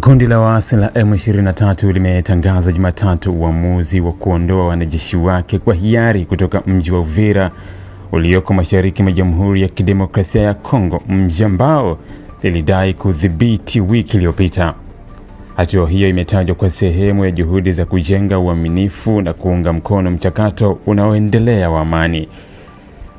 Kundi la waasi la M23 limetangaza Jumatatu uamuzi wa kuondoa wanajeshi wake kwa hiari kutoka mji wa Uvira ulioko mashariki mwa Jamhuri ya Kidemokrasia ya Kongo, mji ambao lilidai kudhibiti wiki iliyopita. Hatua hiyo imetajwa kwa sehemu ya juhudi za kujenga uaminifu na kuunga mkono mchakato unaoendelea wa amani.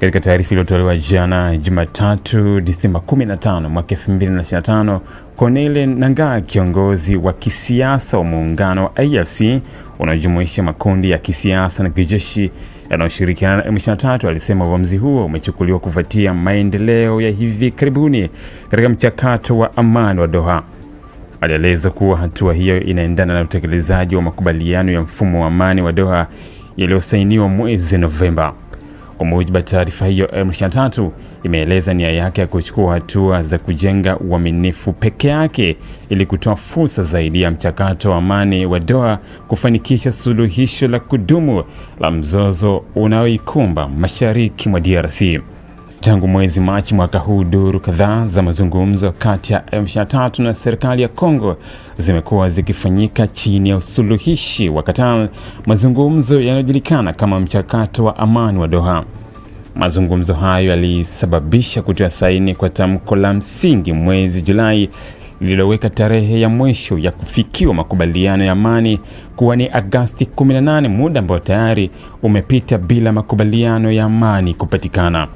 Katika taarifa iliyotolewa jana Jumatatu, Disemba 15 mwaka 2025, Corneille Nangaa, kiongozi wa kisiasa wa muungano wa AFC unaojumuisha makundi ya kisiasa na kijeshi yanayoshirikiana na M23, alisema uamuzi huo umechukuliwa kufuatia maendeleo ya hivi karibuni katika mchakato wa amani wa Doha. Alieleza kuwa hatua hiyo inaendana na utekelezaji wa makubaliano ya mfumo wa amani wa Doha yaliyosainiwa mwezi Novemba. Kwa mujibu wa taarifa hiyo, M23 imeeleza nia yake ya kuchukua hatua za kujenga uaminifu peke yake ili kutoa fursa zaidi ya mchakato wa amani wa Doha kufanikisha suluhisho la kudumu la mzozo unaoikumba mashariki mwa DRC. Tangu mwezi Machi mwaka huu, duru kadhaa za mazungumzo kati ya M23 na serikali ya Kongo zimekuwa zikifanyika chini ya usuluhishi wa Qatar, mazungumzo yanayojulikana kama mchakato wa amani wa Doha. Mazungumzo hayo yalisababisha kutia saini kwa tamko la msingi mwezi Julai lililoweka tarehe ya mwisho ya kufikiwa makubaliano ya amani kuwa ni Agasti 18, muda ambao tayari umepita bila makubaliano ya amani kupatikana.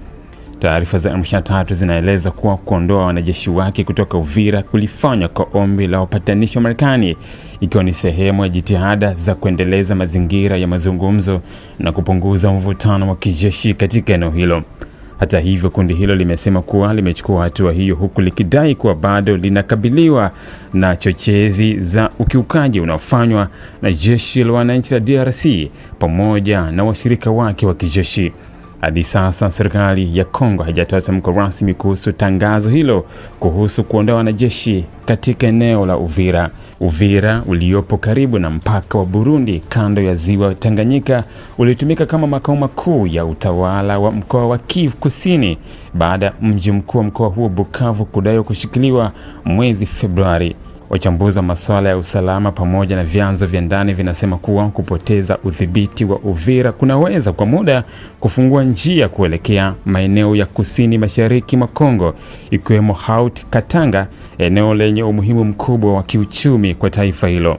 Taarifa za M23 zinaeleza kuwa kuondoa wanajeshi wake kutoka Uvira kulifanywa kwa ombi la wapatanishi wa Marekani, ikiwa ni sehemu ya jitihada za kuendeleza mazingira ya mazungumzo na kupunguza mvutano wa kijeshi katika eneo hilo. Hata hivyo, kundi hilo limesema kuwa limechukua hatua hiyo huku likidai kuwa bado linakabiliwa na chochezi za ukiukaji unaofanywa na jeshi la wananchi la DRC pamoja na washirika wake wa kijeshi. Hadi sasa serikali ya Kongo haijatoa tamko rasmi kuhusu tangazo hilo kuhusu kuondoa wanajeshi katika eneo la Uvira. Uvira uliopo karibu na mpaka wa Burundi kando ya ziwa Tanganyika ulitumika kama makao makuu ya utawala wa mkoa wa Kivu Kusini baada ya mji mkuu wa mkoa huo Bukavu kudaiwa kushikiliwa mwezi Februari. Wachambuzi wa masuala ya usalama pamoja na vyanzo vya ndani vinasema kuwa kupoteza udhibiti wa Uvira kunaweza kwa muda kufungua njia kuelekea maeneo ya kusini mashariki mwa Kongo, ikiwemo Haut Katanga, eneo lenye umuhimu mkubwa wa kiuchumi kwa taifa hilo.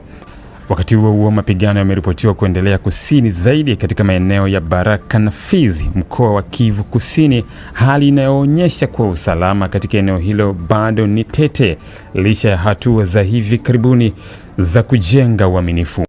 Wakati huo huo, mapigano yameripotiwa kuendelea kusini zaidi katika maeneo ya Baraka na Fizi, mkoa wa Kivu Kusini, hali inayoonyesha kuwa usalama katika eneo hilo bado ni tete licha ya hatua za hivi karibuni za kujenga uaminifu.